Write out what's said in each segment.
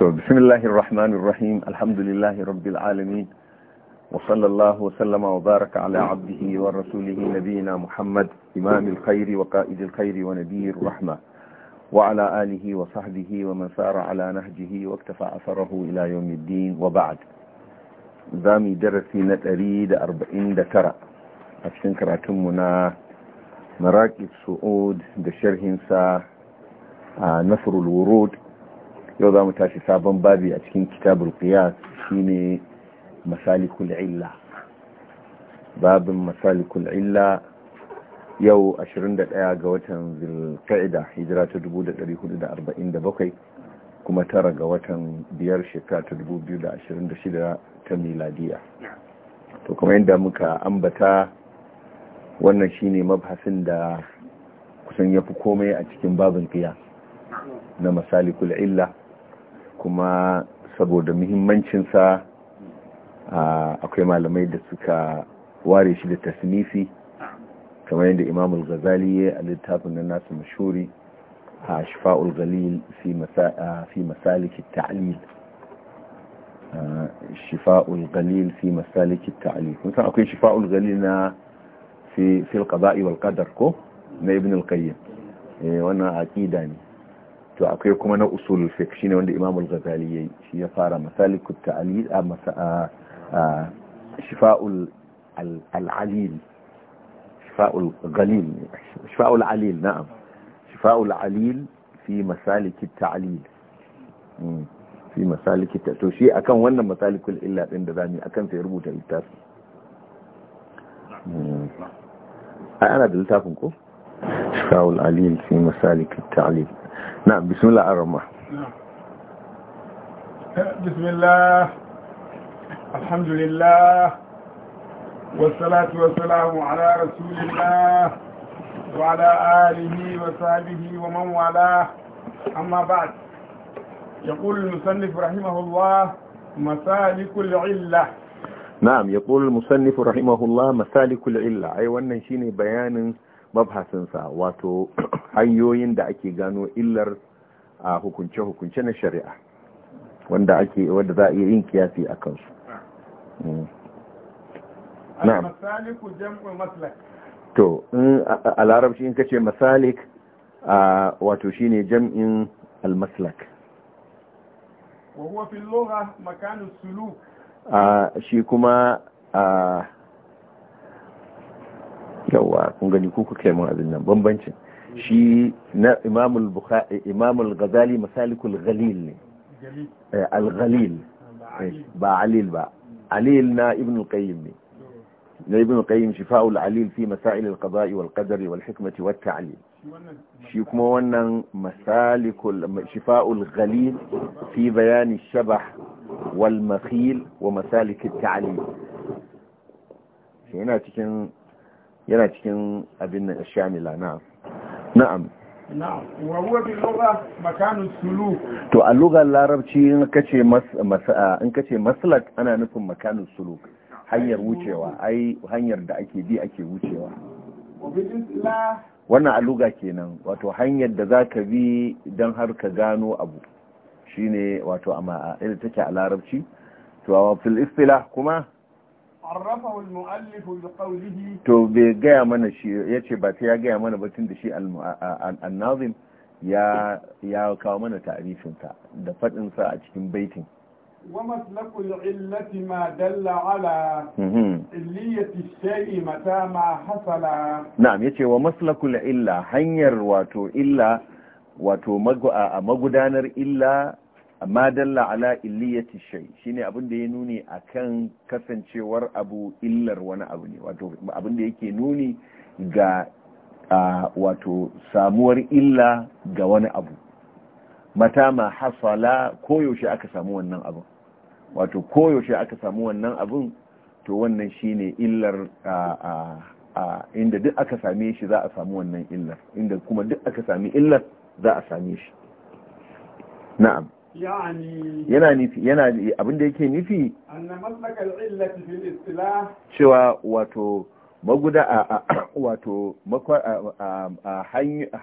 بسم الله الرحمن الرحيم الحمد لله رب العالمين وصلى الله وسلم وبارك على عبده ورسوله نبينا محمد إمام الخير وقائد الخير ونبي الرحمة وعلى آله وصحبه ومن سار على نهجه واكتفى أثره إلى يوم الدين وبعد زامي درسي نتريد أربعين دكرة أشكرا تمنا مراكز سعود دشرهنسا آه، نصر الورود yau za mu tashi sabon babi a cikin kitabul qiyas shine masalikul illa babin masalikul illa yau 21 ga watan zulqa'ida hijira ta 1447 kuma tara ga watan biyar shekara ta 2026 ta miladiya to kuma inda muka ambata wannan shine mabhasin da kusan yafi komai a cikin babin qiyas na masalikul illa kuma saboda muhimmancinsa akwai malamai da suka ware shi da tasnifi kamar yadda imamul ghazali ya a littafin na nasu mashuri a shifa'ul galil fi masaliki ta'alil. shifa'ul galil fi masaliki ta'alil. Kuma akwai shifa'ul galil na fi filqada'i wal kadar ko na ibn al kayyar eh, wannan aƙida ne to akwai kuma na usul fiqh shine wanda Imam al-Ghazali yayi shi ya fara masalikut ta'lil a shifa'ul al-alil shifa'ul ghalil shifa'ul alil na'am shifa'ul alil fi masalikit ta'lil hmm. fi masalikit to shi akan wannan masalikul illa din da zamu akan sai rubuta littafi hmm. ai ana da littafin ko shifa'ul alil fi masalikit ta'lil نعم بسم الله الرحمن نعم. بسم الله الحمد لله والصلاة والسلام على رسول الله وعلى آله وصحبه ومن والاه أما بعد يقول المصنف رحمه الله مسالك العلة نعم يقول المصنف رحمه الله مسالك العلة أي وأن شيني بيان mabhasinsa wato hanyoyin da ake gano illar a hukunce-hukunce na shari'a wanda ake wanda za a iya yin kiyasi a kansu mm. Na. to a larabci in kace masalik wato ne jam'in almaslak wa huwa fi sulu a shi kuma yawa kun gani kuka yi mun abin nan bambancin shi na imamul bukhari imamul ghazali masalikul ghalil ne eh, al ghalil eh, ba alil ba alil na ibn qayyim ne na ibn qayyim shifa'ul alil fi masail al qada'i wal qadari wal hikmati wat ta'lil shi kuma wannan masalikul shifa'ul ghalil fi bayani shabah wal makhil wa masalik at ta'lil yana cikin yana cikin abin nan shamila na'am na'am wa to a lugar larabci in kace in kace maslak ana nufin makanu suluk hanyar wucewa ai hanyar da ake bi ake wucewa wannan a lugar kenan wato hanyar da zaka bi dan har ka gano abu shine wato amma ita take a larabci to a fil istilah kuma to bai gaya mana shi ya ce ba ta ya gaya mana batun da shi al-Nazim ya kawo mana ta'arifinta da faɗinsa a cikin baitin ومسلك العلة ما دل على hasala. الشيء متى ما حصل نعم يتي ومسلك العلة هنير واتو إلا واتو مغدانر illa. amma dalla ala illiyati shay shine abin da ya nuni akan kasancewar abu illar wani abu ne wato abin da yake nuni ga wato samuwar illa ga wani abu mata ma hasala koyaushe aka samu wannan abu wato koyaushe aka samu wannan abun to wannan shine illar inda duk aka same shi za a samu wannan illar inda kuma duk aka sami illar za a same shi na'am yana nufi yana abinda yake nufi cewa wato maguda a wato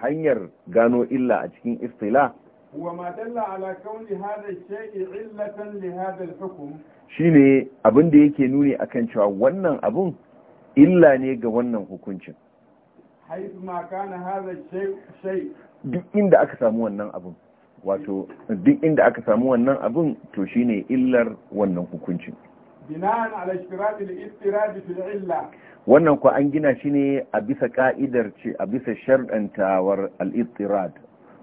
hanyar gano illa a cikin istila وما دل على كون هذا الشيء علة لهذا hukm shine abin da yake nuni akan cewa wannan abun illa ne ga wannan hukuncin ma hada shayi. duk inda aka samu wannan abun wato duk inda aka samu wannan abun to shine illar wannan hukuncin bina'an ala ishtirati al-istirad fi illa wannan ko an gina shi ne a bisa ka'idar ce a bisa shar'antawar al-istirad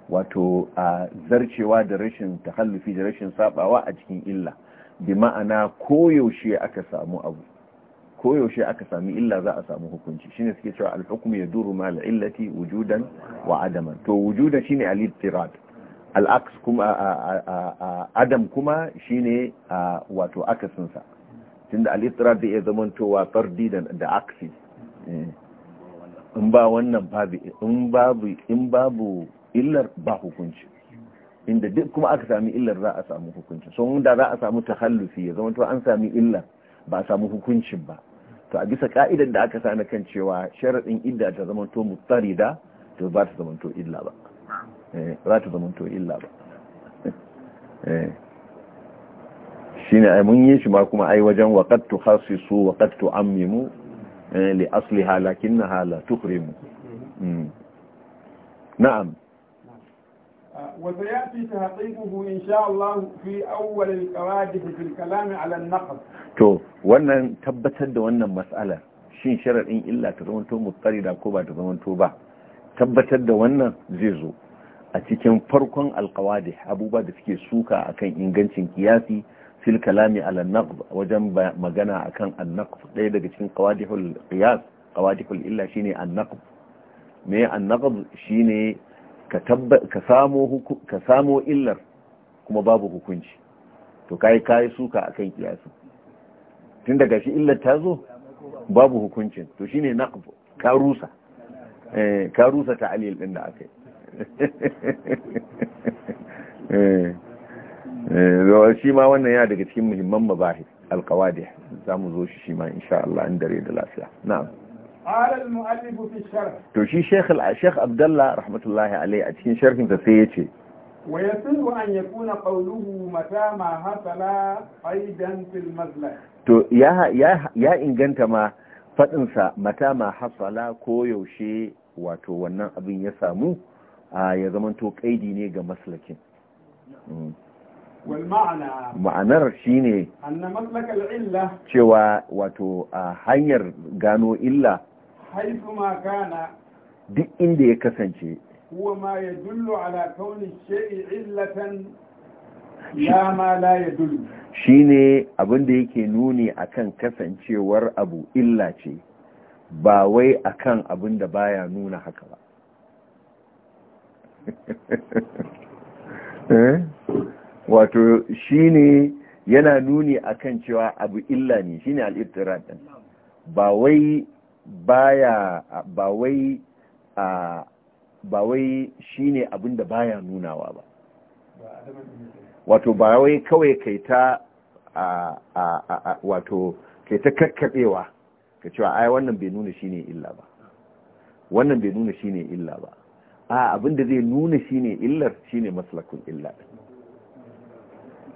wato a zarcewa da rashin tahallufi da rashin sabawa a cikin illa bi ma'ana koyaushe aka samu abu koyaushe aka sami illa za a samu hukunci shine suke cewa al-hukmu yaduru ma al-illati wujudan wa adaman to wujudan shine al-istirad al'aks kuma adam kuma shine wato akasinsa tunda da ya iya towa fardi da aksi eh. in ba wannan babu in babu in babu illar ba hukunci inda duk kuma aka sami illar za a samu hukunci so da za a samu tahallufi ya to an sami illar ba a samu hukuncin ba to a bisa ka'idar da aka sani kan cewa sharaɗin idda ta zamanto da, to ba ta to illa ba Eh, za ta zamanto illa ba eh, shi ne mun yi shi ma kuma ai wajen waƙattu hasisu waƙattu ammimu eh, li asli halakin na hala tukrimu hmm. na'am وسيأتي تحقيقه إن شاء fi في أول da في الكلام ala النقد to wannan tabbatar da wannan mas'ala shin sharadin illa ta zamanto da ko ba ta zamanto ba tabbatar da wannan zai zo a cikin farkon alkawadi abubuwa da suke suka akan ingancin kiyasi fil kalami ala naqd wajen magana akan an-naqd ɗaya daga cikin qawadihul qiyas qawadihul illa shine an-naqd me an-naqd shine ka tabba ka samo ka samo illar kuma babu hukunci to kai kai suka akan kiyasi tun daga shi illar ta zo babu hukuncin to shine naqd ka rusa eh ka rusa ta'lil din da akai Eh, eh, shi ma wannan ya daga cikin muhimman mabahi alqawadi za mu zo shi shi ma insha Allah an dare da lafiya na'am to shi sheikh abdullah rahmatullahi alayhi a cikin sharhinsa sai yace. Wa yasiru an yakuna qawluhu متى ما حصل أيضا في المزلة to ya ya ya inganta ma fadinsa mata ma hasala ko yaushe wato wannan abin ya samu ya zamanto kaidi ne ga maslakin mm. ma'anar shi ne cewa wato a hanyar gano illa duk inda ya kasance huwa ma ya dullo ala kauni shai illatan ya ma la ya dullo shi ne abinda yake nuni akan kasancewar abu illa ce ba wai akan abinda baya nuna haka ba Eh? wato shine yana nuni akan cewa abu illa ne shine ne ibtirad din ba wai baya ba wai ba wai shine abin da baya nunawa ba wato ba wai kawai kai ta wato kai ta kakkaɓewa ka cewa ai wannan bai nuna ne illa ba wannan bai nuna ne illa ba a da zai nuna shine illar shine maslakun illa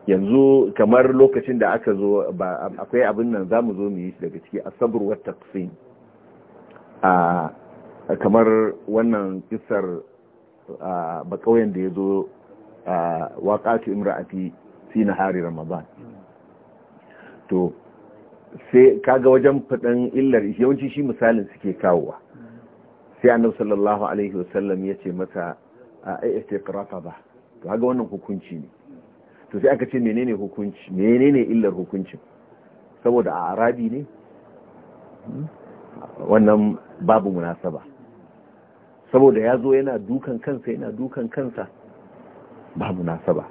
yanzu kamar lokacin da aka zo ba akwai abin nan zamu zo mu yi daga ciki asabr wa taqsim a kamar wannan kissar ba kauyen da yazo waqati imra'ati fi nahari ramadan to sai kaga wajen faɗan illar yawanci shi misalin suke kawowa sai annabi sallallahu alaihi wasallam ya ce mata a istiqrafa ba to haka wannan hukunci ne to sai aka ce menene hukunci menene illar hukuncin saboda a arabi ne wannan babu munasaba saboda ya zo yana dukan kansa yana dukan kansa ba munasaba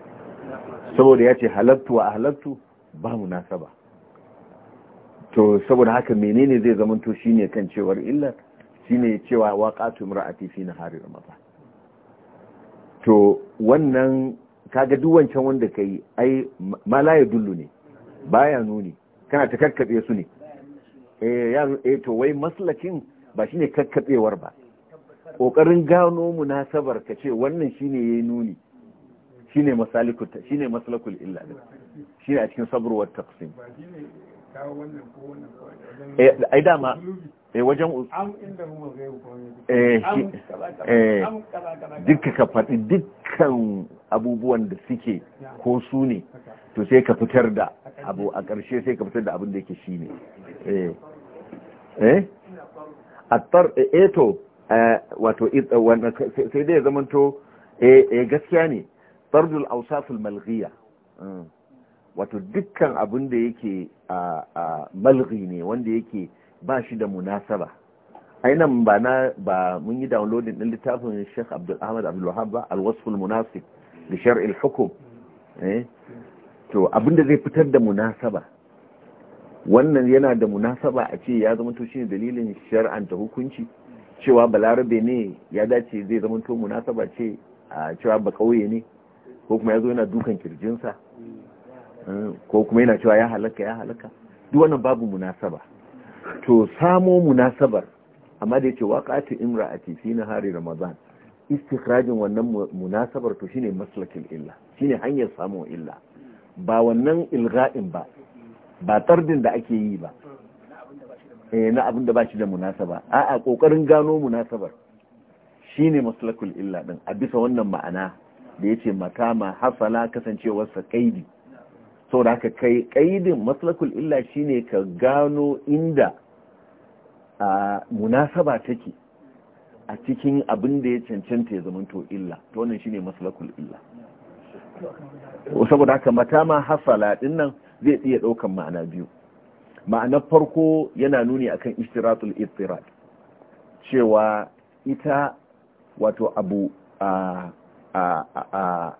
saboda ya ce halattu wa halattu ba munasaba to saboda haka menene zai zamanto shine kan cewar illar shine cewa waqatu imra'ati fi nahari ramadan to wannan kaga duk wancan wanda kai ai malaya dullu ne baya nuni kana ta karkabe su ne eh ya eh to wai maslakin ba shine karkabewar ba kokarin gano munasabar ka ce wannan shine yayi nuni shine shi shine maslakul illa din shine a cikin sabr wa taqsim eh ai dama eh wajen duka ka faɗi dukkan abubuwan da suke ko su ne to sai ka fitar da abu a ƙarshe sai ka fitar da abin da yake shi ne eh, eh? attar eto eh, eh, wato sai dai ya zamanto eh gaskiya ne tardul ausaful malghiya mm. wato dukkan abin da yake a ah, ah, malghi ne wanda yake ba shi da munasaba ainihin ba na ba mun yi downloading din littafin Sheikh Abdul Ahmad Abdul Wahab ba al munasib li shar'il hukum eh? to abinda zai fitar da munasaba wannan yana da munasaba a ce ya zama to shine dalilin shari'anta hukunci cewa balarabe ne ya dace zai zama to munasaba ce a cewa ba kauye ne ko kuma ya zo yana dukan kirjinsa eh, ko kuma yana cewa ya halaka ya halaka duk wannan babu munasaba wato samo munasabar amma da yake waqati imra'ati fi nahari ramadan istikhrajin wannan munasabar to shine maslakin illa shine hanyar samo illa ba wannan ilga'in ba ba tardin da ake yi ba eh na abin da ba shi da munasaba a'a kokarin gano munasabar shine maslakul illa din a bisa wannan ma'ana da yace makama hasala kasancewar sa kaidi saboda haka kai kaidin maslakul illa shine ka gano inda a munasaba take a cikin abin da ya cancanta ya zamanto illa to wannan shine maslakul illa saboda haka mata ma hasala din nan zai iya daukan ma'ana biyu ma'anar farko yana nuni akan istiratul ittirad cewa ita wato abu a a a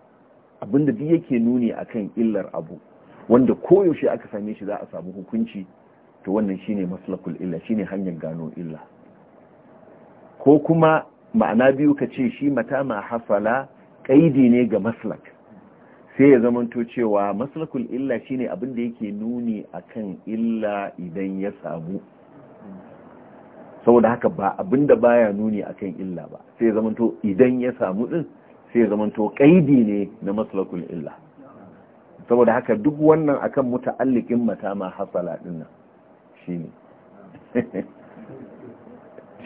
abinda duk yake nuni akan illar abu wanda koyaushe aka same shi za a samu hukunci to wannan shine maslakul illa shine hanyar gano illa ko kuma ma'ana biyu ka ce shi mata ma hasala kaidi ne ga maslak sai ya zamanto cewa maslakul illa shine abin da yake nuni akan illa idan ya samu saboda haka ba abin da baya nuni akan illa ba sai ya zamanto idan ya samu din sai ya zamanto kaidi ne na maslakul illa saboda haka duk wannan akan muta'allikin mata ma hasala dinnan shine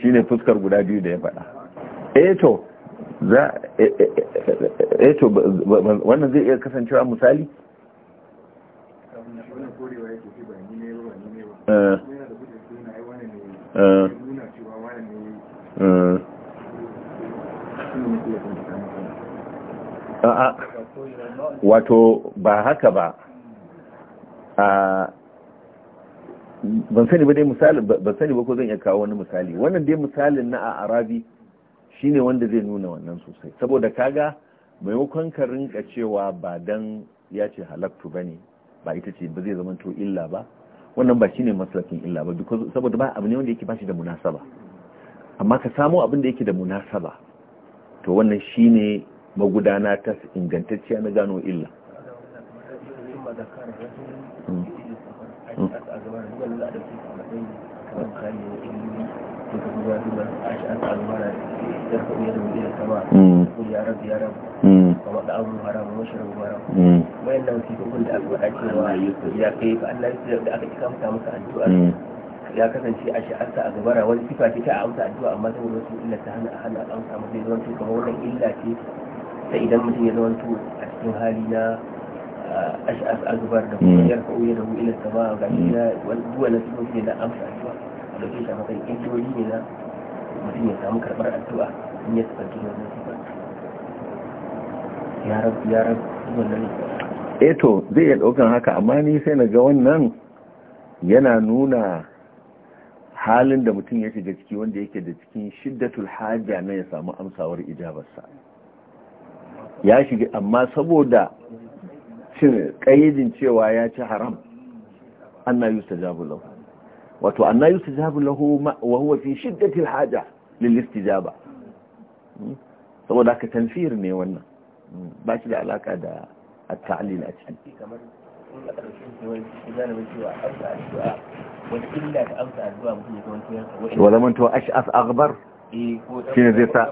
shine fuskar guda biyu da ya faɗa eto to za eto wannan zai iya kasancewa misali wato ba haka ba a ban sani ba dai misali ban sani ba ko zan iya kawo wani misali wannan dai misalin na a arabi shine wanda zai nuna wannan sosai saboda kaga maimakon ka rinka cewa ba dan ya ce halaktu bane ba ita ce ba zai zama to illa ba wannan ba shine maslakin illa ba saboda ba abu ne wanda yake bashi da munasaba amma ka samo abin da yake da munasaba to wannan shine magudana ta ingantacciya na gano illa hmm. Hmm. kamar da zuwa da ke a da da da da da ya da mm. mm. da aka faɗa cewa ya kai da mm. kasance a shi an a gabara wani sifa ce ta a amsa addu'a amma saboda wasu illa ta hana a hana amsa masa ya zama kamar wannan illa ce sai idan mutum ya zama a cikin hali na أسأل بارك يرفع يده إلى السماء وقال هو أمس كيش إنت mutum ya samu eto zai iya ɗaukan haka amma ni sai na ga wannan yana nuna halin da mutum ya shiga ciki wanda yake da cikin shiddatul haja na ya samu amsawar ijabarsa ya shiga amma saboda kayyadin cewa ya ci haram anna yustajabu lahu wato anna yustajabu lahu wa huwa fi shiddati alhaja lil istijaba saboda ka tanfir ne wannan ba shi da alaka da at-ta'lil a cikin kamar wa zamanto ash'af aghbar shi ne zai sa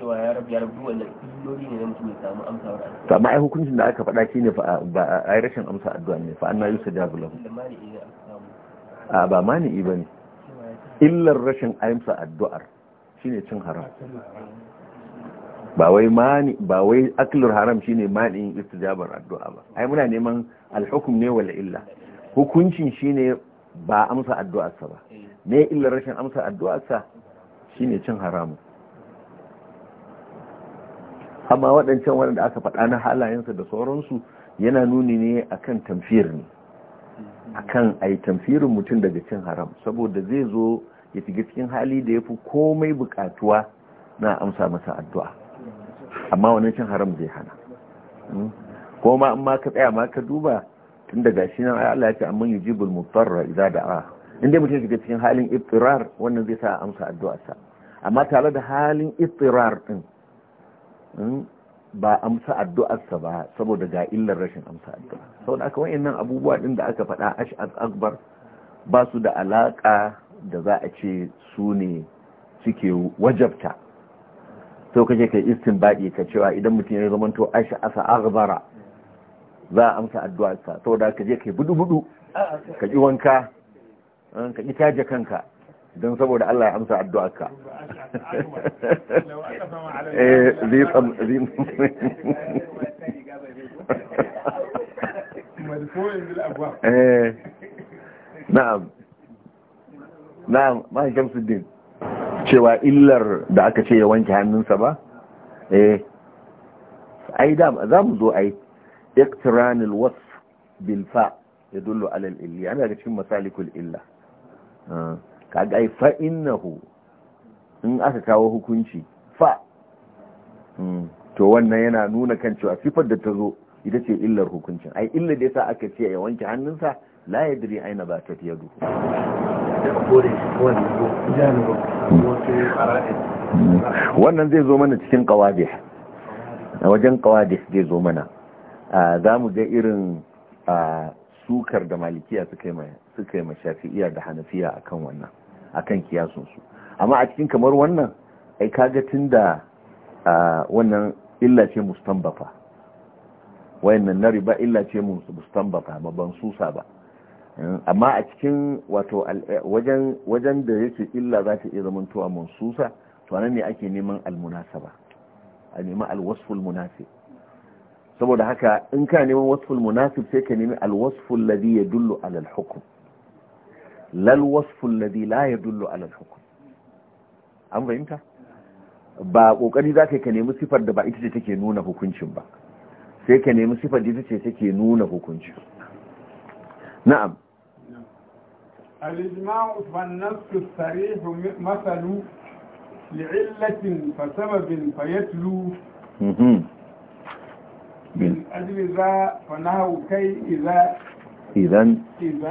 cewa ya rabu ya rabu illoli ne na mutum ya samu amsa wa addu'a amma ai hukuncin da aka faɗa shine fa ba ai rashin amsa addu'a ne fa anna yusajabu lahu a ba mani'i bane illar rashin amsa addu'ar shine cin haram ba wai mani ba wai aklur haram shine mani istijabar addu'a ba ai muna neman alhukum ne wala illa hukuncin shine ba amsa addu'arsa ba eh. me illar rashin amsa addu'arsa shine cin haramun amma waɗancan waɗanda aka faɗa na halayensa da sauransu yana nuni ne akan tamfir ne akan a yi tamfirin mutum daga cin haram saboda zai zo ya shiga cikin hali da ya fi komai buƙatuwa na amsa masa addu'a amma wani cin haram zai hana hmm? kuma amma ka tsaya ma ka duba tun daga shi nan Allah ya ce amman yujibul mutarra idza da'a inda mutum shiga cikin halin iftirar wannan zai sa amsa addu'arsa amma tare da halin iftirar din Hmm? ba amsa addu'arsa ba saboda ga illar rashin amsa addu'a saboda aka wayannan abubuwa din da aka faɗa ash'ar akbar ba su da alaka da za a ce su ne suke wajabta sau kaje kai istinbadi ka cewa idan mutum ya zama to asa akbara za a amsa addu'arsa saboda ka je kai budu budu ka ji wanka ka ji taje kanka don saboda Allah ya amsa addu'arka eh zai eh, na'am na'am ma cewa illar da aka ce ya wanke hannunsa ba eh ai da za mu zo ai iqtiranul wasf bil fa yadullu ala al illi ana ga cikin masalikul illa ah. kaga ga fa innahu in aka kawo hukunci fa mm. to wannan yana nuna kan cewa sifar da ta zo ita ce illar hukuncin ai illar da yasa aka ce ya wanke hannunsa la yadri aina ba ta tiyadu wannan zai zo mana cikin qawadih a wajen qawadih zai zo mana za mu ga irin sukar da malikiya suka yi ma shafi'iya da hanafiya akan wannan akan kiyasun su amma a cikin kamar wannan ai kaga tunda wannan illa ce mustanbafa wayannan na riba illa ce mustanbafa ba ban susa ba amma a cikin wato eh, wajen wajen da yake illa za ta iya zamantowa mansusa to nan ne ake neman almunasaba a neman alwasful munasib saboda haka in ka neman wasful munasib sai ka nemi alwasful ladhi yadullu ala alhukm lal wasfu alladhi la yadullu ala al hukum. an fahimta ba kokari zaka ka nemi sifar da ba ita ce take nuna hukuncin ba sai ka nemi sifar da ita ce take nuna hukuncin na'am al-ijma'u fa an-nass sarih mathalu li'illatin fa sababin fa yatlu من أجل ذا فنهوا كي إذا إذا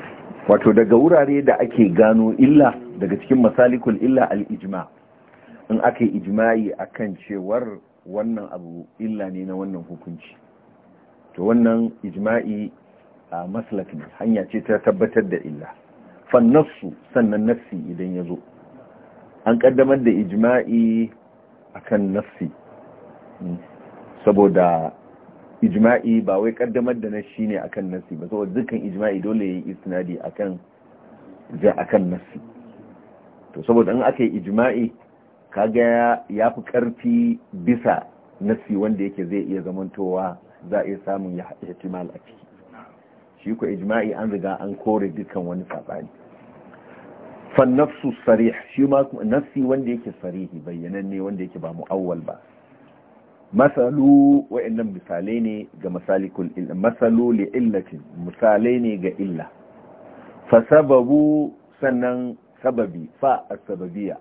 wato daga wurare da ake gano illa daga cikin masalikul illa al-ijma in aka yi ijma'i akan cewar wannan abu illa ne na wannan hukunci to wannan ijma'i a maslaki hanya ce ta tabbatar da illa fannassu sannan nassi idan ya zo an kaddamar da ijma'i akan nassi hmm. saboda ijma'i ba wai kaddamar da shi ne akan nasi ba saboda dukkan ijma'i dole yayi istinadi akan ja nasi to saboda in aka yi ijma'i kaga ya fi karfi bisa nasi wanda yake zai iya zamantowa za a iya samun ya ihtimal a ciki shi ko ijma'i an riga an kore dukkan wani sabani fa nafsu sarih shi ma nasi wanda yake sarihi ne wanda yake ba mu'awwal ba masalu wa'annan misalai ne ga masalikul illa masalu li illatin misalai ne ga illa fa sababu sannan sababi fa as-sababiyya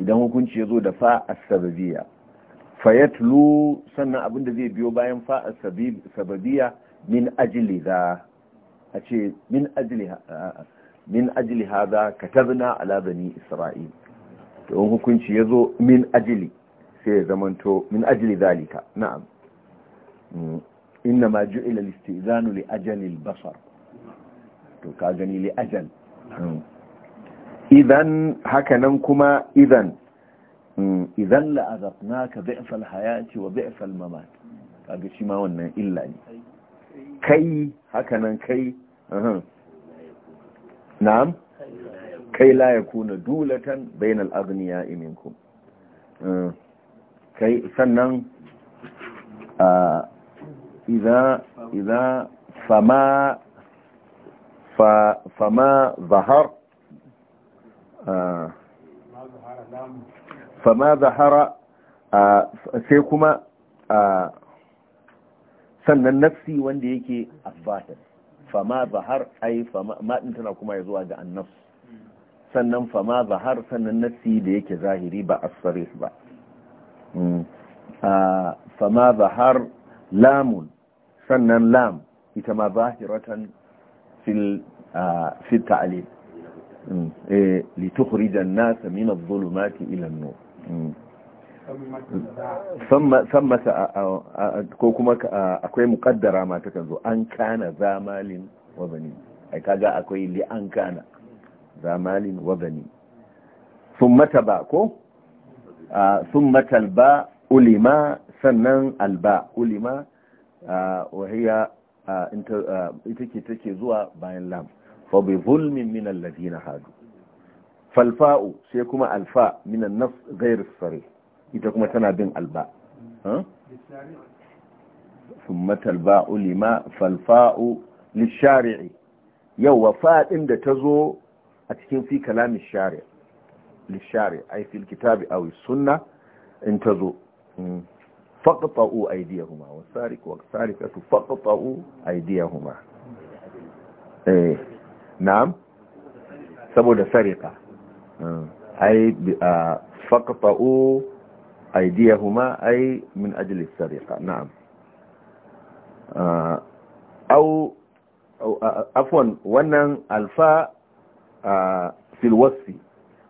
idan hukunci yazo da fa as-sababiyya fa yatlu sannan abinda zai biyo bayan fa as-sababiyya min ajli za a ce min ajli min ajli hada katabna ala bani isra'il to hukunci yazo min ajli sai ya zamanto min ajli zalika na'am mm. inna ma ju'ila al zanu li ajali basar to ka gani li ajal mm. idan haka nan kuma idan mm. idan la'azatnaka bi'fa al-hayati wa bi'fa al-mamat ga shi ma wannan illa ne kai haka nan kai na'am kai la yakuna dulatan bainal aghniya'i iminku. kai sannan a idza idza fama fa fama zahar fama zahara sai kuma sannan nafsi wanda yake asbatar fama zahar ai fama maɗin tana kuma ya zuwa ga annafs sannan fama zahar sannan nafsi da yake zahiri ba asarif ba Mm. Ah, fama zahar lamun sannan lam ita ma zahiratan fil ah, ta'alim mm. eh, Litukuri an-nasa min adh-dhulumati ila an-nur mm. san ah, ko kuma akwai mukaddara ma ta zo an kana zamalin wazani ai kaga akwai li an kana zamalin wazani sun mata ba ko sun matalba ulima sannan alba ulima wahiya ita ke take zuwa bayan lam fa bi zulmin min alladhina hadu falfa'u sai kuma alfa min an-nas ghayr as ita kuma tana bin alba Sun matalba ثم تلباء Yau فالفاء للشارع da ta zo a cikin fi kalamin الشارع lishari ai a kitabi aw sunna in tazo faqta'u aydiyahuma wasariq wasariqatu faqta'u aydiyahuma eh na'am saboda sariqa ai faqta'u aydiyahuma ai min ajli sariqa na'am au wannan alfa fil wasfi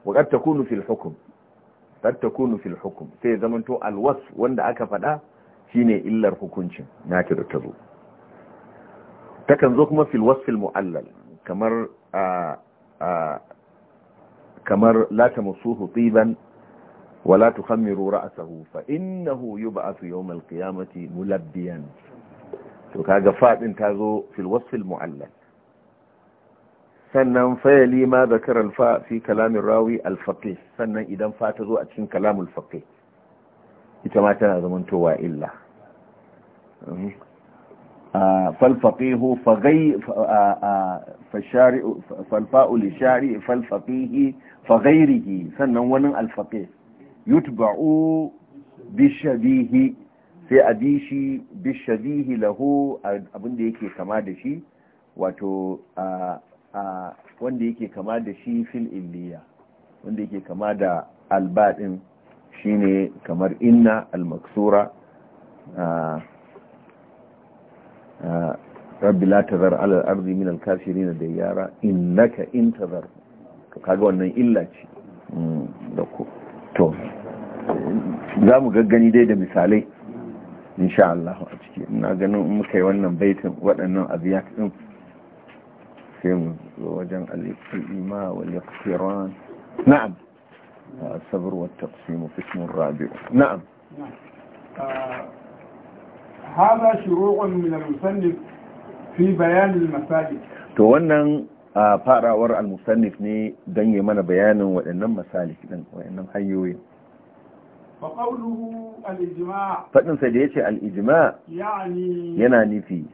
وقد تكون في الحكم قد تكون في الحكم سي wanda aka faɗa shine illar hukuncin naki da tazo ta kan zo kuma fil wasf al muallal kamar a kamar la tamsuhu tiban wa la tukhmiru ra'sahu fa innahu yub'athu yawm al qiyamati mulabbiyan to kaga fadin tazo fil wasf al muallal sannan fayali ma zakar alfa fi kalamin rawi alfaqih sannan idan fa ta zo a cikin kalamul faqih ita ma tana zamantowa illa mhm. fa fa gai فالفقيه فغي فالشارع فالفاء للشارع فالفقيه فغيره سنن الفقيه يتبع بالشبيه sai a bi shi bishabihi lahu abin da yake kama da shi wato a a wanda yake kama da shi fil illiya wanda yake kama da albaɗin shine kamar inna almaksura rabbi la tazar alal ardi min alkafirin da yara innaka in kaga wannan illa ce mm, da ku to za mu gaggani dai da misalai insha Allah a ciki ina ganin muka yi wannan baitin waɗannan abiyat sai mu zo wajen na'am na'am to wannan farawar al-musannif ne dan mana bayanin waɗannan masalik din waɗannan hanyoyin faɗinsa da ya ce al'ijima yana nufi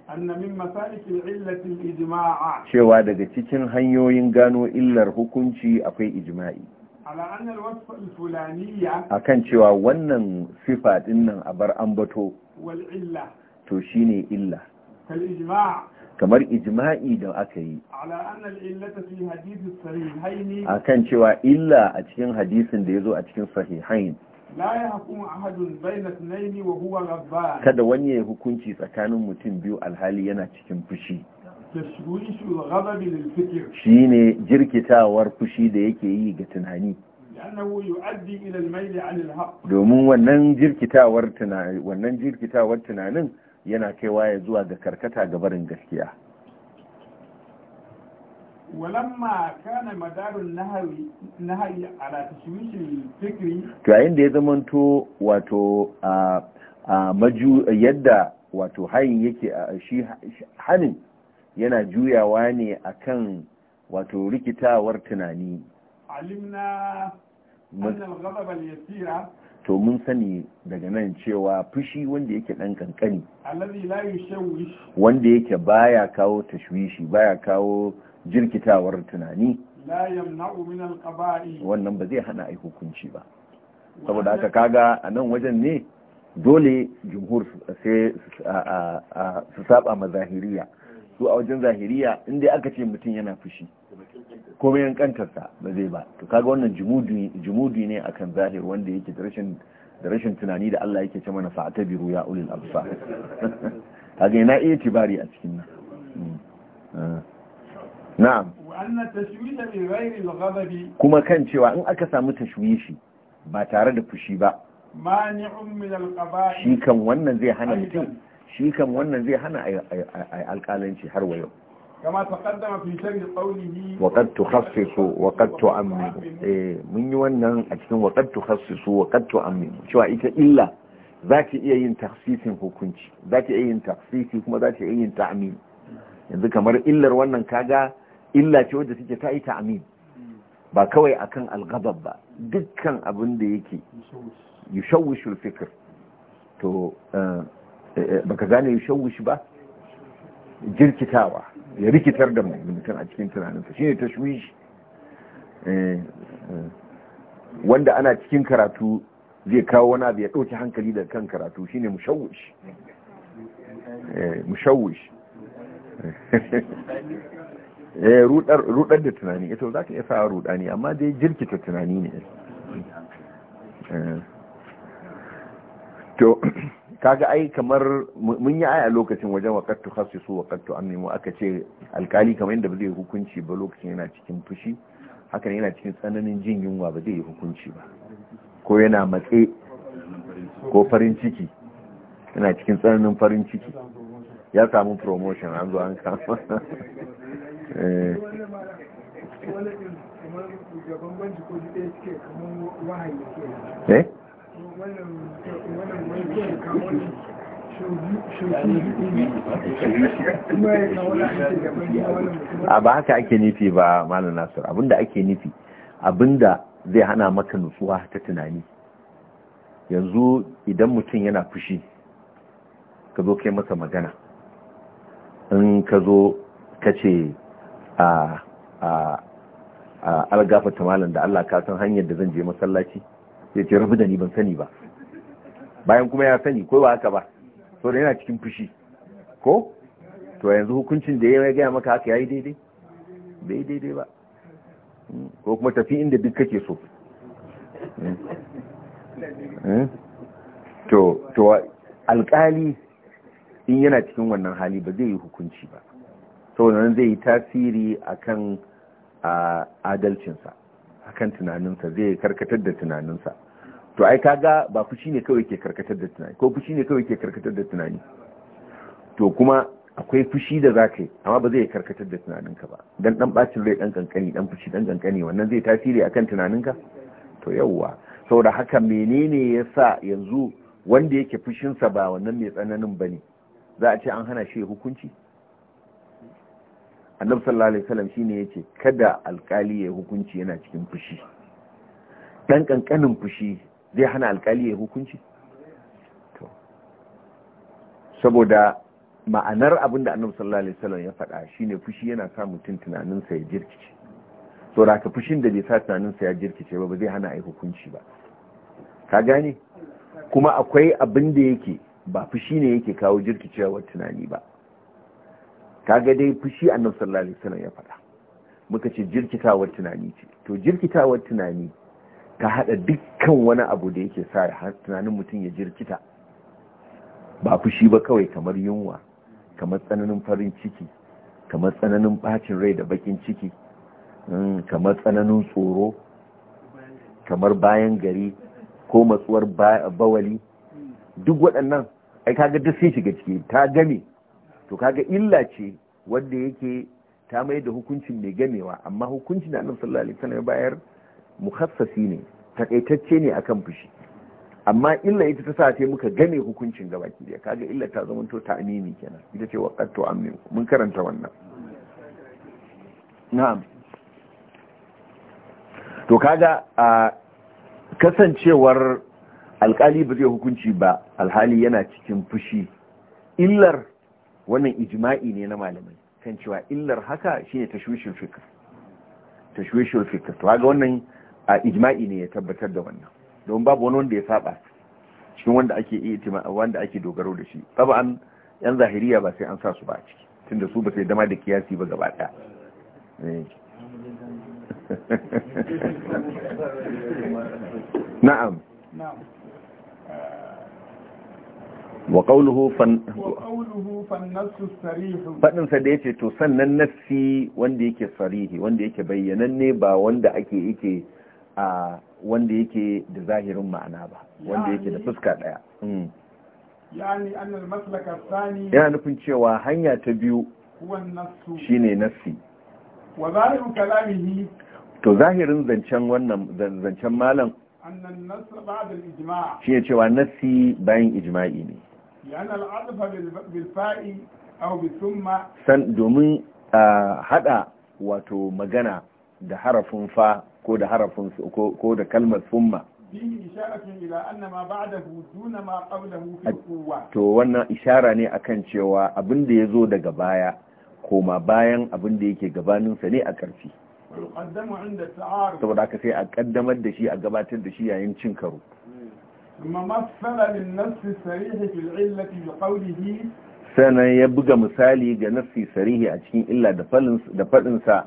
cewa daga cikin hanyoyin gano illar hukunci akwai ijima'i a kan cewa wannan sifa nan a bar ambato to shi ne kamar ijima'i da aka yi a kan cewa illa a cikin hadisin da ya zo a cikin sahihain la ya hukumu ahadun bayna tunaini wa huwa kada wani ya hukunci tsakanin mutum biyu alhali yana cikin fushi shi ne shine jirkitawar fushi da yake yi ga tunani domin wannan jirkitawar tunanin yana kaiwa ya zuwa ga karkata ga barin gaskiya walamma kana madarun nahawi nahayi ala tashwishin fikri to yayin da ya zamanto wato a yadda wato hayin yake shi hanin yana juyawa ne akan wato rikitawar tunani alimna annal ghadab al yasira to mun sani daga nan cewa fushi wanda yake dan kankani wanda yake baya kawo tashwishi baya kawo jirkitawar tunani wannan ba zai hana ai hukunci ba saboda haka kaga a nan wajen ne dole jumhur su saba ma zahiriya su a wajen zahiriya inda aka ce mutum yana fushi komai yankantarsa ba zai ba to kaga wannan jumudu ne akan zahir wanda yake da rashin da rashin tunani da Allah yake ce mana fa ta biru ya ulil absar kaga ina iya tibari a cikin nan hmm. ah. na'am kuma kan cewa in aka samu tashwishi ba tare da fushi ba shi kan wannan zai hana mutum shi kan wannan zai hana alƙalanci har wa yau كما تقدم في شرح قوله وقد تخصص وقد Mun yi wannan a cikin وقد تخصص وقد تعمم cewa ita illa zaki iya yin takhsisin hukunci zaki iya yin takhsisi kuma zaki iya yin ta'mim yanzu kamar illar wannan kaga illa ce wadda take ta yi ta'mim ba kawai akan al-ghadab ba dukkan abin da yake yushawishul fikr to baka gane yushawish ba jirkitawa ya rikitar da mutum a cikin tunaninsa shine tashwishi eh, eh, wanda ana cikin karatu zai kawo wani abu ya ɗauki hankali da kan karatu shine ne mushawish eh, rudar da tunani ita za ka iya sa rudani amma dai jirkita tunani ne to kaga ai kamar mun yi ai a lokacin wajen wakattu tu hasisu amimu aka ce alkali kamar yadda ba zai hukunci ba lokacin yana cikin fushi hakan yana cikin tsananin jin yunwa ba zai yi hukunci ba ko yana matse ko farin ciki yana cikin tsananin farin ciki ya samu promotion an zo an kama eh a ba haka ake nufi ba malam nasir abinda ake nufi abinda zai hana maka nutsuwa ta tunani yanzu idan mutum yana fushi ka zo kai masa magana in ka zo ka ce a algafata malam da Allah ka san hanyar da zan je masallaci sai ce rabu da ni ban sani ba bayan kuma ya sani ko ba haka ba so da yana cikin fushi ko to yanzu hukuncin da ya gaya maka haka yi daidai bai daidai ba ko kuma tafi inda duk kake so hmm? Hmm? to to alkali in yana cikin wannan hali ba zai yi hukunci ba saboda nan zai yi tasiri akan adalcinsa akan tunaninsa zai karkatar da tunaninsa to ai kaga ba fushi ne kawai ke karkatar da tunani ko fushi ne kawai ke karkatar da tunani to kuma akwai fushi da za ka yi amma ba zai karkatar da tunaninka ba dan dan bacin rai dan kankani dan fushi dan kankani wannan zai tasiri akan tunaninka to yawwa saboda haka menene yasa yanzu wanda yake fushinsa ba wannan mai tsananin bane za a ce an hana shi hukunci annabi sallallahu alaihi wasallam shine yace kada alkali ya hukunci yana cikin fushi dan kankanin fushi zai hana alkali ya hukunci saboda ma'anar abin da annabi sallallahu alaihi wasallam ya faɗa shine fushi yana sa mutum sa ya jirkice to ka fushin da bai sa tunanin sa ya jirkice ba ba zai hana ai hukunci ba ka gane kuma akwai abin da yake ba fushi ne yake kawo wa tunani ba kaga dai fushi annabi sallallahu alaihi wasallam ya faɗa muka ce jirkitawar tunani ce to jirkitawar tunani ka hada dukkan wani abu da yake sa tunanin mutum ya jirkita ba fushi ba kawai kamar yunwa kamar tsananin farin ciki kamar tsananin bacin rai da bakin ciki mm, kamar tsananin tsoro kamar bayan gari ko matsuwar bawali duk waɗannan ai kaga duk sai shiga ciki ta gane. to kaga illa ce wanda yake ta mai da hukuncin mai gamewa amma hukuncin da annabi sallallahu alaihi wasallam bayar mukhassasi ne takaitacce ne akan fushi amma illa ita ta sa muka game hukuncin gaba ki da kaga illa ta zama to ta'mimi kenan ita ce waqattu ammi mun karanta wannan na'am to kaga a kasancewar alkali ba zai hukunci ba alhali yana cikin fushi illar wannan ijma'i ne na malamai kan cewa illar haka shine tashwishul fikr tashwishul fikr to kaga wannan a ijma'i ne ya tabbatar da wannan don babu wani wanda ya saba cikin wanda ake itima wanda ake dogaro da shi an, yan zahiriya ba sai an sa su ba ciki tunda su ba sai dama da kiyasi ba gaba daya eh. na'am wa qawluhu الصريح فدن sa da yace to sannan nafsi wanda yake sarihi wanda yake bayyananne ba wanda ake yake a wanda yake da zahirin ma'ana ba wanda yake da fuska daya hmm. Ya nufin cewa hanya ta biyu shine nassi to zahirin zancen wannan zancen malam shi ne cewa nassi bayan ijma'i ne san domin hada wato magana da harafin fa ko da harafin ko da kalmar summa to wannan ishara ne akan cewa abin da ya zo daga baya koma bayan abin da yake gabaninsa ne a ƙarfi saboda aka sai a ƙaddamar da shi a gabatar da shi yayin cin karo sannan ya buga misali ga nassi sarihi a cikin illa da faɗinsa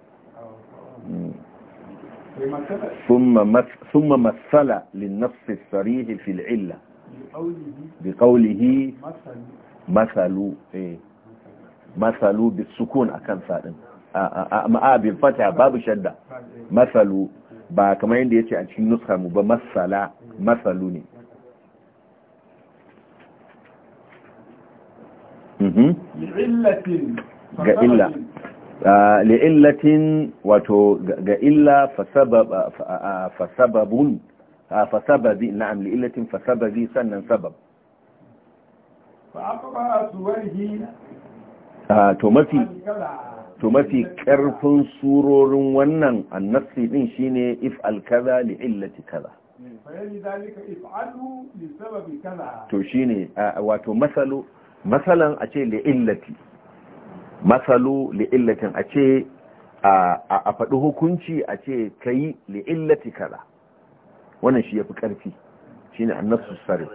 suma مثل للنص الصريح في العلة بقوله مثل مثل بالسكون أكن فادن ma'a bin babu shadda masalu ba kamar yadda ya ce a cikin nuskar mu ba masala masalu ne ga li'illatin wato ga illa fasababun fasababi na'am li'illatin fasababi sannan sabab to mafi to mafi karfin surorin wannan annasi din shine if alkaza li'illati kaza to shine wato masalo, masalan a ce li'illati masalu li'illatin a ce a faɗi hukunci a ce ka yi li'illati kaza wannan shi ya fi ƙarfi shi ne annasu sare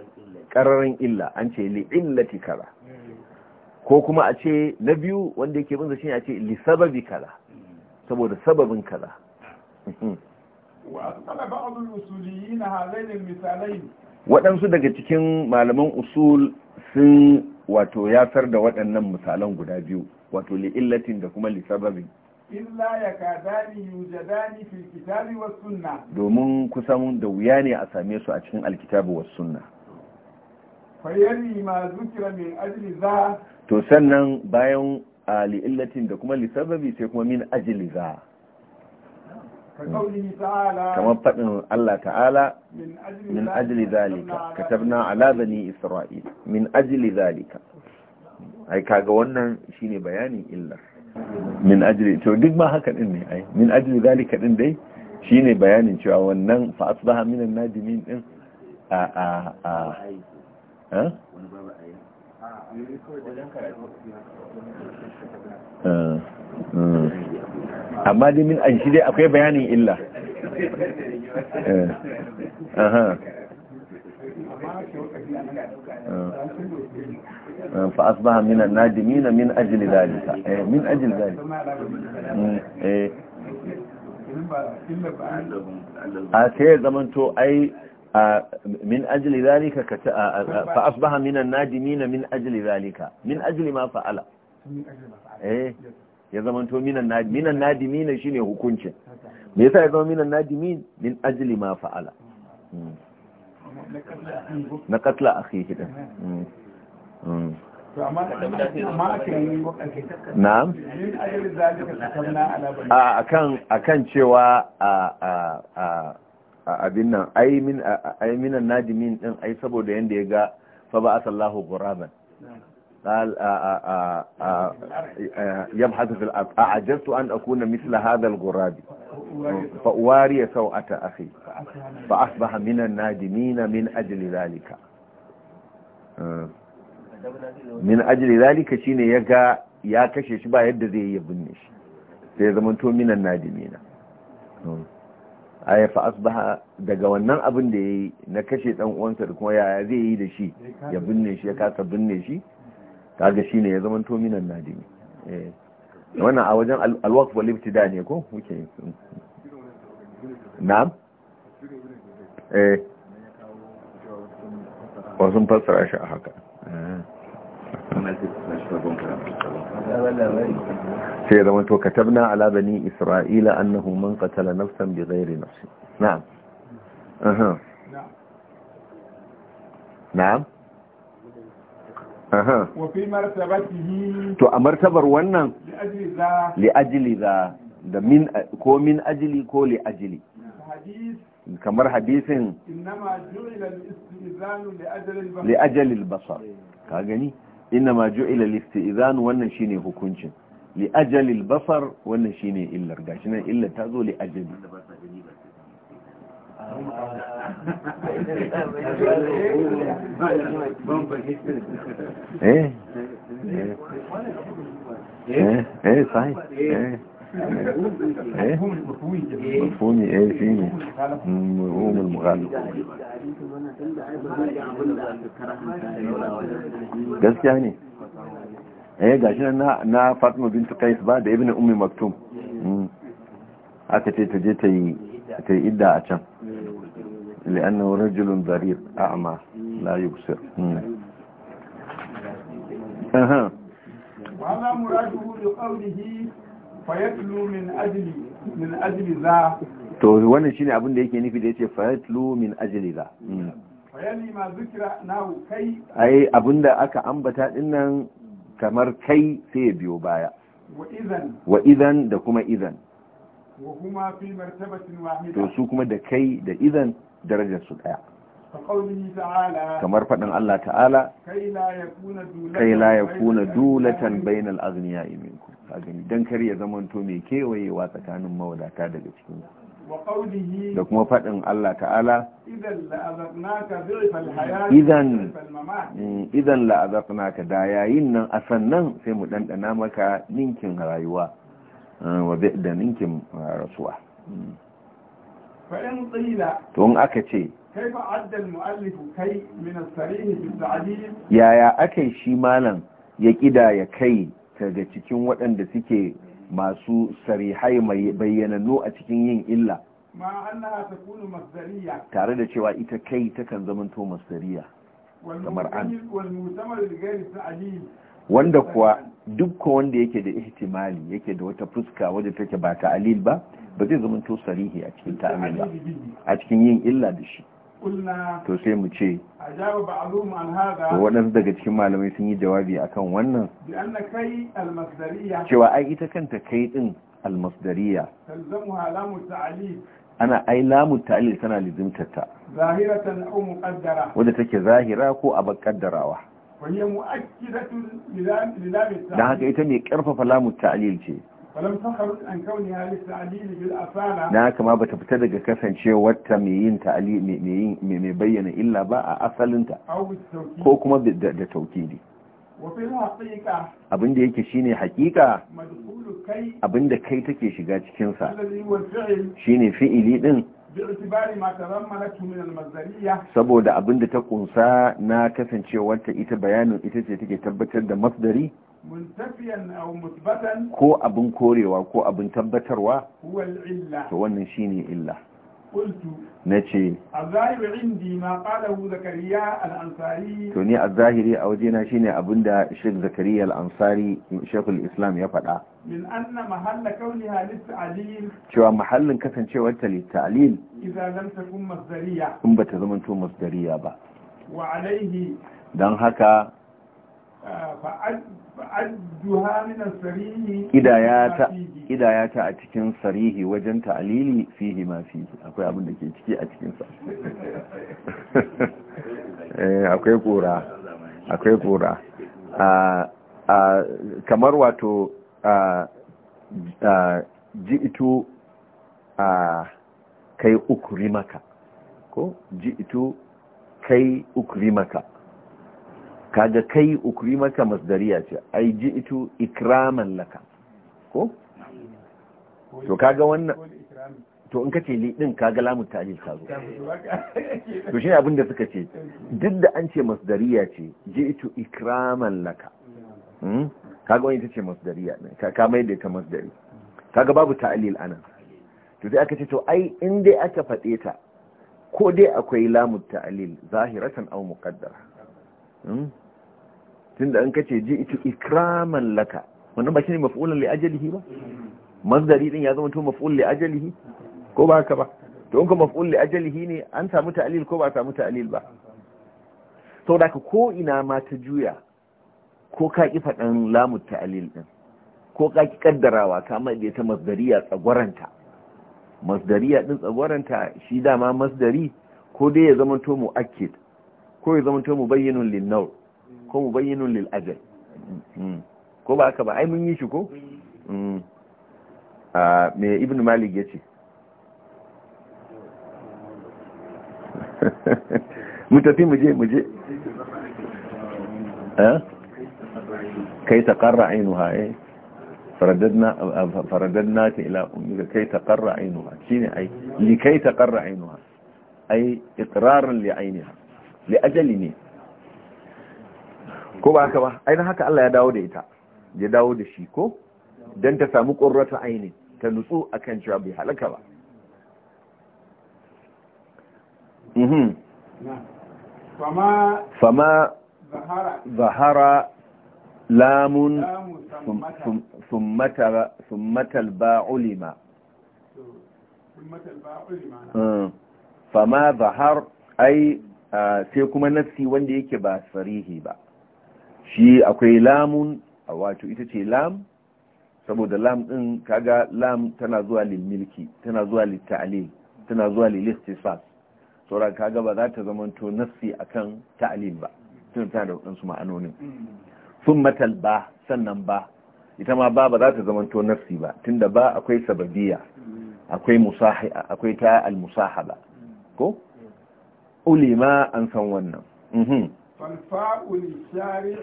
ƙararren illa an ce li'illati kaza ko kuma a ce na biyu wanda yake bin shi ne a ce li sababi kaza saboda sababin kaza waɗansu daga cikin malaman usul sun wato ya sar da waɗannan misalan guda biyu wato li'illatin da kuma lisababin illa ya kadani yujadani fil kitabi was sunna domin kusan da wuya ne a same su a cikin alkitabi was sunna fayyani ma zukira min ajli za to sannan bayan li'illatin da kuma lisababi sai kuma min ajli za كما فإن الله تعالى من أجل ذلك كتبنا على بني إسرائيل من أجل ذلك أي كاقوانا شيني بياني إلا من أجل تو ديك ما هكا إني أي من أجل ذلك إن دي شيني بياني شو أولنا فأصبح من النادمين إن آآ آآ آآ ها؟ آه. آه. amma dimin a shi dai akwai bayanin illa eh. Eh. Eh, fa asbaha min annadimin min ajli dalika eh min ajli dalika mm, eh in ba illa to ai min ajli dalika fa asbaha min annadimin min min ajli ma fa'ala min ajli ma fa'ala ya zamanto minan nadi minan nadimin shine hukuncin me yasa ya zama minan nadimin min ajli ma fa'ala mm. na katla akhihi din mm. Mm. na'am a akan akan cewa a a abin nan ai min ai minan nadimin din ai saboda yanda ya ga fa ba asallahu ghuraban قال يبحث في الأرض أعجبت أن أكون مثل هذا الغراب فأواري سوعة أخي فأصبح من النادمين من أجل ذلك من أجل ذلك شين يقى يا كشش با يد ذي يبنش sai zamanto minan nadimina aya fa asbaha daga wannan abin da yayi na kashe dan uwansa da kuma yaya zai yi da shi ya binne shi ya kasa binne shi kaga ne ya zama minan nadimi eh wannan a wajen alwaqf wal ibtida ne ko muke na'am eh wasu fassara shi a haka sai zama to katabna ala bani isra'ila annahu man qatala nafsan bighairi Nafsi. na'am na'am to a martabar wannan li'ajili za da min ko min ajili ko li'ajili kamar hadisin li'ajalil basar ka gani inna ma ju'ila listizanu wannan shine hukuncin li'ajalil basar wannan shine illar gashi nan illar ta zo li'ajali eh eh eh ايه مفهومي ايه فيني مفهوم المغالب gaskiya ne eh gashi na Fatima bint Qais ba da ibnu ummi Maktum hmm. aka ce ta je ta yi idda a can لأنه رجل ضريب أعمى لا يبصر أها وهذا مراجعه لقوله فيتلو من أجل من أجل ذا to wannan shine abin da yake nufi da yace fayatlu min ajli za fayali ma zikra nahu kai ai abinda aka ambata dinnan kamar kai sai ya biyo baya wa idan da kuma idan wa kuma fi martabatin wahida to su kuma da kai da idan darajar su daya kamar faɗin Allah ta'ala kai la ya kuna dulatan bainal azniya iminku don kar ya zamanto mai kewayewa tsakanin mawadata daga cikin da kuma faɗin Allah ta'ala idan ka mm, da yayin nan a sannan sai mu ɗanɗana maka ninkin rayuwa mm, da ninkin ah, rasuwa mm. fa'in tun aka ce kaifa addal mu'allifu yaya akai shi malam ya ya kai daga cikin waɗanda suke masu sarihai mai bayyananu a cikin yin illa tare da cewa ita kai takan zamanto masariya, kamar an wanda kuwa dukkan wanda yake da ihtimali yake da wata fuska wadda take ba ta alil ba ba zai zama to sarihi a cikin ta'amin ba a cikin yin illa da shi to sai mu ce waɗansu daga cikin malamai sun yi jawabi akan wannan cewa ai ita kanta kai ɗin almasdariya ana ai lamu ta'alil tana lizimtata Wadda take zahira ko a kaddarawa da haka ita ne karfafa lamun ta'alil ce da haka bata fita daga kasancewarta mai yin ta'alil mai bayyana illa ba a asalinta ko kuma da taukidi abin da yake shine haƙiƙa. abin da kai take shiga cikinsa shine fi'ili ɗin. saboda abin da ta kunsa na kasancewarta ita bayanin ita ce take tabbatar da masdari ko abin korewa ko abin tabbatarwa to wannan shine illa na ce to ni a zahiri a wajena shine abinda shek zakariya al'ansari shekul islam ya faɗa cewa mahallin kasancewar ta littalil in ba ta zamanto masdariya ba don haka ƙidaya ta a cikin sarihi wajen ta'alili fihi ma fihi akwai abin da ke ciki a cikinsa akwai kura akwai kura kamar wato ji'itu kai ukrimaka ko ji'itu kai ukrimaka kaga kai ukrimaka masdariya ce ai ji'tu ikraman laka ko to kaga wannan to in kace li din kaga lamu ta'lil ka zo to shi abinda suka ce duk da an ce masdariya ce ji'tu ikraman laka hmm? kaga wani tace masdariya ne ka mai da ta masdari kaga babu ta'lil anan to sai aka ce to ai in dai aka fade ta ko dai akwai lamu ta'lil zahiratan aw muqaddara hmm? tunda an kace ji itu ikraman laka wannan ba shine maf'ulun li ajalihi ba masdari din ya zama to maf'ul li ajalihi ko ba haka ba to in ka maf'ul li ajalihi ne an samu ta'lil ko ba samu ta'lil ba ka ko ina ma ta juya ko ka ki fadan lamu ta'lil din ko ka ki kaddarawa ka mai da ta masdariya tsagwaranta masdariya din tsagwaranta shi dama masdari ko dai ya zama to mu'akkid ko ya zama to mubayyinun lin-naw ko mubayyinun lil ajal hmm. ko ba haka ba ai mun yi shi ko hmm. a me ibnu malik yace mu tafi mu je mu je eh? kai ta qarra ainuha eh faradadna ta ila ummiga kai ta qarra ainuha shine ai li kai ta qarra ainuha ai iqrarin li ainiha li ajali ne ko ba haka ba ainihin haka Allah ya dawo da ita ya dawo da shi ko don ta samu ƙorrata aini ta nutsu a kan cewa bai halaka ba mhm. fama zahara lamun summatal ba'ulima hmm. fama zahar ai ah, sai kuma nafsi wanda yake ba sarihi ba shi akwai lamun a wato ita ce lam saboda lam din kaga lam tana zuwa lil milki tana zuwa lil ta'lil tana zuwa lil istisas saboda kaga ba za ta to nassi akan ta'lil ba tun tana da wadansu ma'anonin sun matal ba sannan ba ita ma ba ba za ta zamanto nassi ba tunda ba akwai sababiyya akwai musahi akwai ta al musahaba ko ulima an san wannan mhm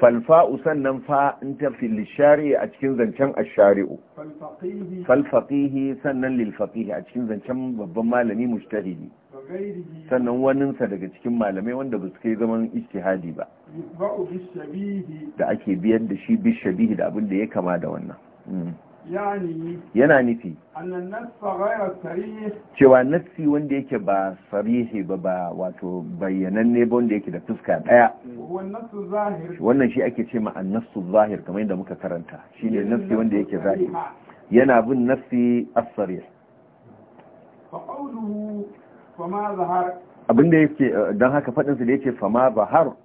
falfa'u sannan fa in tafi lishari a cikin zancen ashari'u falfaqihi sannan lilfaqihi a cikin zancen babban malami mustahidi sannan waninsa daga cikin malamai wanda ba su kai zaman ijtihadi ba da ake biyar da shi bishabihi da abin da ya kama da wannan hmm. yana nufi cewa nassi wanda yake ba sarihi ba ba wato bayyananne ba wanda yake da fuska daya wannan shi ake ce ma'an nassu zahir kamar yadda muka karanta shi ne nassi wanda yake zahir yana bin nassi asari abinda yake eh, don haka faɗinsu da yake fama ba har.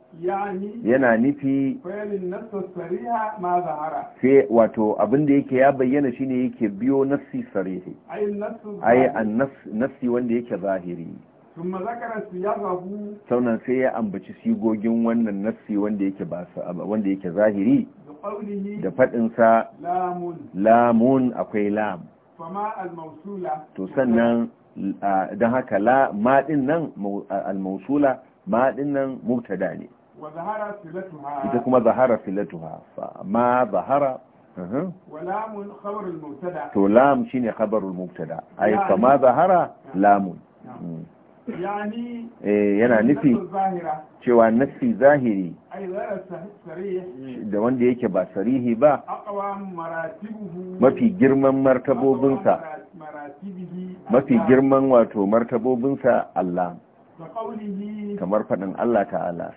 yana nufi sai wato abin da yake ya bayyana shine yake biyo nassi sarihi ai an nassi wanda yake zahiri saunan sai ya ambaci sigogin wannan nassi wanda yake zahiri da faɗinsa lamun akwai lam to sannan don haka la maɗin nan al-mausula maɗin nan mutada ne ita kuma zahara filatuha ma zahara to Lam shi ne khabarul mubtada ai fa ma Zahara, lamun yana nufi cewa nassi zahiri da wanda yake ba sarihi ba mafi girman martabobinsa mafi girman wato martabobinsa Allah kamar faɗin Allah ta'ala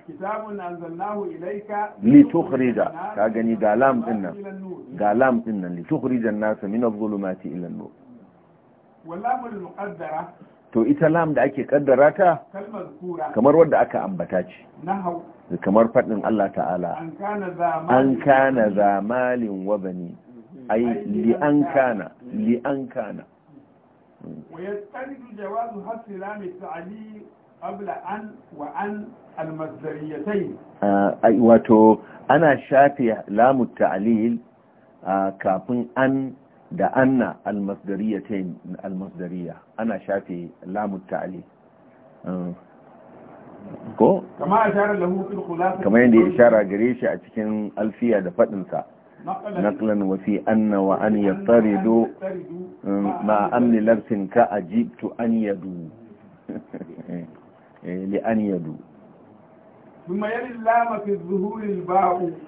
litukhrija ka gani ga lam din nan ga lam din nan litukhrija an-nasa min adh-dhulumati ila an-nur to ita lam da ake kaddara ta kamar wadda aka ambata ce kamar faɗin Allah ta'ala an kana zamalin wa bani ai li an kana li an kana wa جواز jawazu hasilami ta'ali an wa an wato ana shafe lamu ta'lil kafin an da anna almasdariyatain almasdariya ana shafe lamu ta'lil hmm. ko kama ashara lahu fil khulasa kama ya ishara gare shi a cikin alfiya da fadin sa نقلا وفي أن وأن يطرد مع أمن لبس كأجبت أن يدو li'an yadu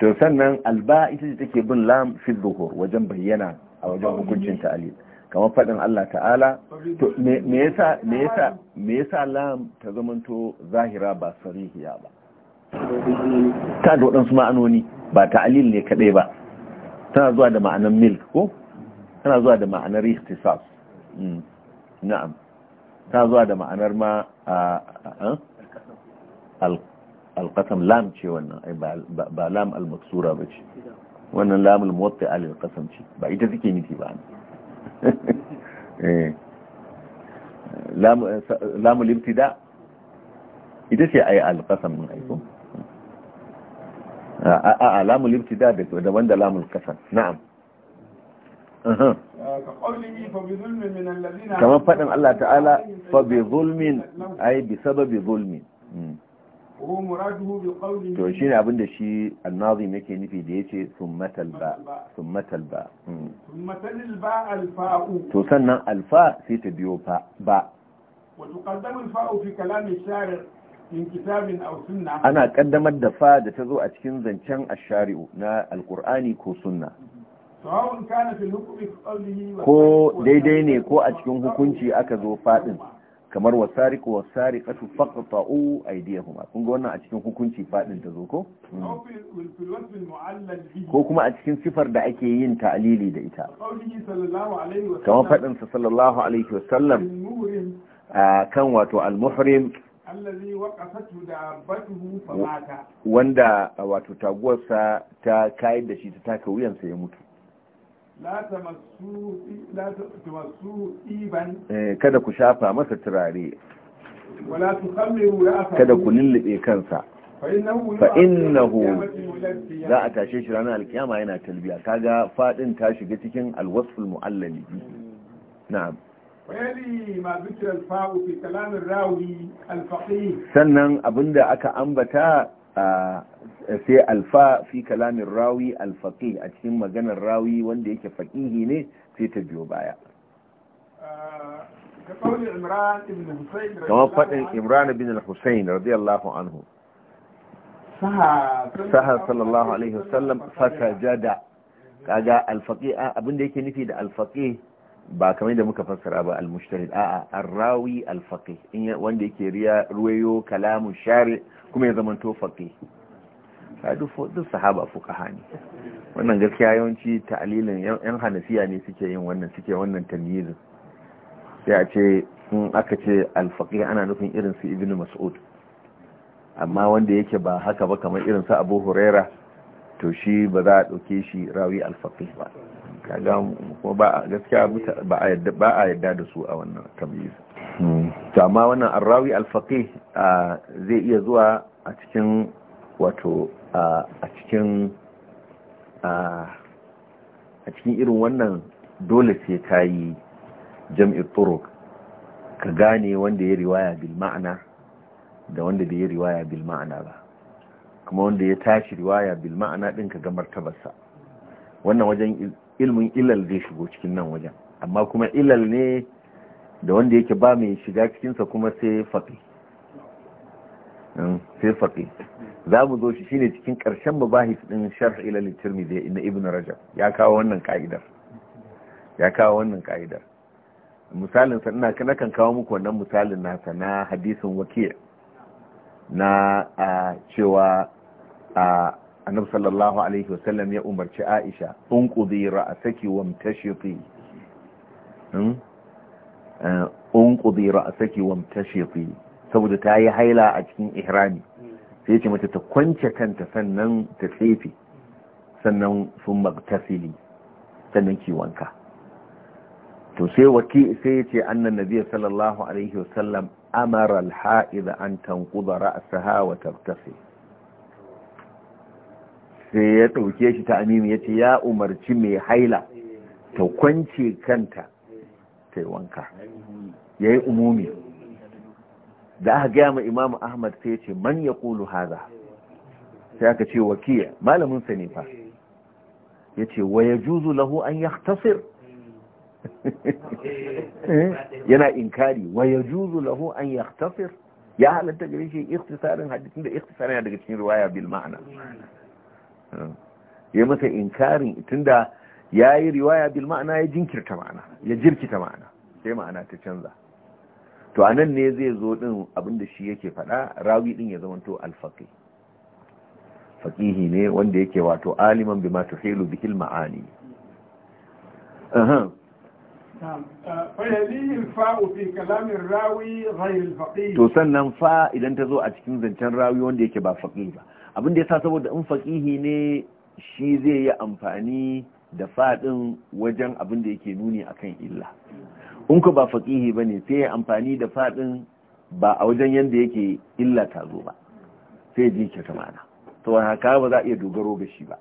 to sannan alba ita ce take bin lam fi zuhur wajen bayyana a wajen hukuncin ta'alil kamar faɗin Allah ta'ala to me yasa me yasa me yasa lam ta zamanto zahira ba sarihiya ba ta da waɗansu ma'anoni ba ta'alil ne kaɗai ba tana zuwa da ma'anar milk ko tana zuwa da ma'anar ihtisas na'am ta zuwa da ma'anar ma alƙasam lam ce wannan ba lam al-maksura ba ce wannan lam al-muwatta al-alƙasam ce ba ita take nufi ba eh. lam al-ibtida ita ce ai al-qasam din aiko a a lam al-ibtida da wanda lam al-qasam na'am kamar faɗin Allah ta'ala fa bi zulmin ai bi sababi zulmin hmm. to shi ne abinda shi annazim yake nufi da ya ce sun summatal ba hmm. to sannan alfa sai ta biyo ba ana ƙaddamar da fa da ta zo a cikin zancen ashari'u na Alƙur'ani ko sunna ko daidai ne ko a cikin hukunci aka zo fadin kamar wasare-ko wasariku wasariqatu faqta'u aydiyahuma kun ga wannan a cikin hukunci fadin ta zo ko ko kuma a cikin sifar da ake yin ta'lili da ita kamar fadin sa sallallahu alaihi wasallam kan wato al-muhrim wanda wato taguwarsa ta kayar da shi ta taka wuyansa ya mutu Eh, kada ku shafa masa turare kada ku lullube kansa fa innahu za a tashe shi ranar alkiyama yana talbiya kaga fadin ta shiga cikin alwasful mu'allali na'am sannan abinda aka ambata a ah, Eh, sai alfa fi kalamin rawi alfaƙi a cikin maganar rawi wanda yake faƙihi ne sai ta biyo baya eh, kamar faɗin imran ibn hussein radiyallahu anhu saha sallallahu alaihi wasallam jada kaga alfaqi abinda yake nufi da alfaqi ba kamar da muka fassara ba al-mushtahid a'a ar-rawi al wanda yake riya ruwayo kalamu shari kuma ya zamanto faqih duk sahaba fuqaha ne wannan gaskiya yawanci ta'alilin yan hanafiya ne suke yin wannan suke wannan tamyizin sai a ce in aka ce al-faqih ana nufin irin su ibnu mas'ud amma wanda yake ba haka ba kamar irin su abu huraira to shi ba za a ɗauke shi rawi al-faqih ba kaga kuma ba gaskiya ba a yadda ba a yadda da su a wannan tamyiz to amma wannan al-faqih zai iya zuwa a cikin wato a cikin a cikin irin wannan dole sai ka yi jam'ir turuk ka gane wanda ya riwaya bil ma'ana da wanda bai yi riwaya bil ma'ana ba kuma wanda ya tashi riwaya bil ma'ana din ka ga martabarsa wannan wajen ilmin ilal zai shigo cikin nan wajen amma kuma ilal ne da wanda yake ba mai shiga cikinsa kuma sai faƙi hmm, za mu zo shi shine cikin ƙarshen mabahis ɗin sharh ilal tirmidhi na ibn rajab ya kawo wannan ka'idar ya kawo wannan ka'idar misalin sa ina kana kan kawo muku wannan misalin nasa na hadisin waki' na cewa annabi sallallahu alaihi wasallam ya umarci Aisha unqudi ra'saki wamtashiti hmm? eh, unqudi ra'saki wamtashiti saboda ta yi haila a cikin ihrami sai ce mata ta kwance kanta sannan ta tsefe sannan sun magtasili sannan kiwonka. to sai waki sai ce annan nabiya sallallahu alaihi wasallam amara ha'iza, an tanquda ra'saha wa tabtasil sai ya ɗauke shi ta amimi ya ce ya umarci mai haila ta kwance kanta ta yi wanka ya umumi da aka gaya ma imamu ahmad sai ya ce man ya kulu haza sai aka ce wakiya malamin sa ne fa ya ce wa ya juzu lahu an ya tasir yana inkari wa ya juzu lahu an ya tasir ya halatta gare shi iktisarin hadisin da iktisarin daga cikin riwaya bil ma'ana ya masa inkarin tunda ya yi riwaya bil ma'ana ya jinkirta ma'ana ya jirkita ma'ana sai ma'ana ta canza to a nan ne zai zo din abinda shi yake faɗa rawi din ya zama to alfaqi faqihi ne wanda yake wato aliman bima tuhilu bihil ma'ani uh, to sannan fa idan ta zo a cikin zancen rawi wanda yake ba faƙi ba abinda ya sa saboda in faƙihi ne shi zai yi amfani da faɗin wajen abinda yake nuni akan illa in ku ba faƙihi ba ne sai ya amfani da faɗin ba a wajen yadda yake illa ta zo ba sai ya ji ke to haka ba za a iya dogaro ga shi ba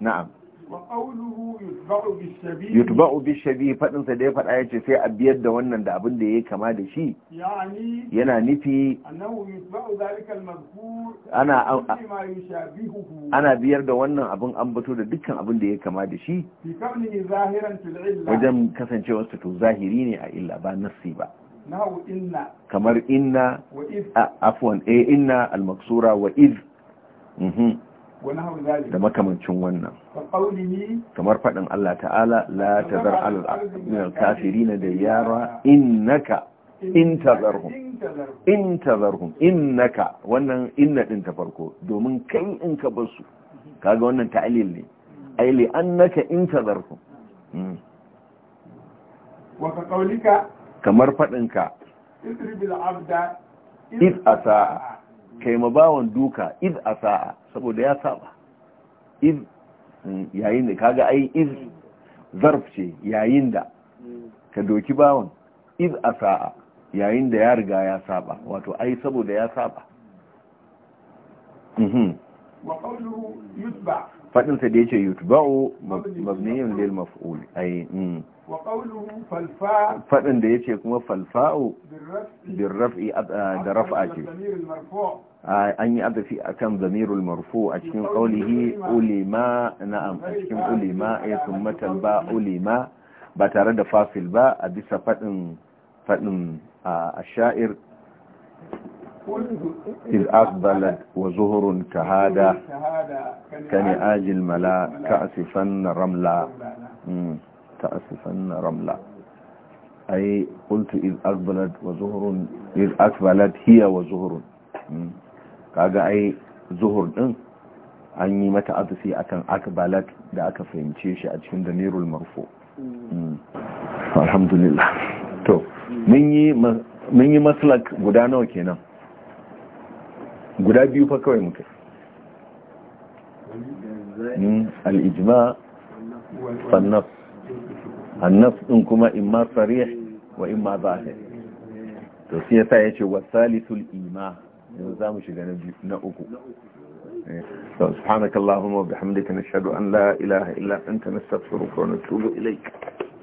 na'am yutba'u bi shabi fadin sa da ya fada yace sai a biyar da wannan da abin da yayi kama da shi yana nufi ana ana biyar da wannan abin an bato da dukkan abin da ya kama da shi wajen kasancewar sa to zahiri ne a illa ba nassi ba kamar inna afwan eh inna al-maksura wa iz da makamancin wannan kamar faɗin Allah ta'ala la ta zar al kafirina da yara innaka in ta tazarhum in ta tazarhum innaka wannan inna ɗin ta farko domin kai in ka basu. su kaga wannan ta'lil ne ai li annaka in ta hmm. wa kamar faɗin ka idribil abda id asaa kai mabawan duka id asaa saboda ya saba iz yayin da kaga ai iz zarf ce yayin da ka doki bawan iz asa'a yayin da ya riga ya saba wato ai saboda ya saba mhm. faɗinsa da ya ce yutba'u mabniyin lil maf'ul ai mm. faɗin da ya ce kuma falfa'u birrafi da rafa ce an yi adafi a kan zamirul marfu a cikin ƙaulihi ulima na'am a cikin ulima ya tummatar ba ulima ba tare da fasil ba a bisa faɗin faɗin a sha'ir إذ أقبلت وزهر كهادا كنعاج الملا كأسفن ramla. تأسفن رملا أي قلت إذ أقبلت وزهر إذ أقبلت هي وزهر kaga ai zuhur din anyi mata azufi akan akbalat da aka fahimce shi a cikin damirul marfu alhamdulillah to mun yi maslak guda nawa kenan guda biyu fa kawai muka al-ijma' fannaf annas ɗin kuma imma sarih wa imma zahir to sai ce yace wasalisul ima yanzu zamu shiga na biyu na uku سبحانك اللهم وبحمدك an أن لا إله إلا أنت نستغفرك ونتوب إليك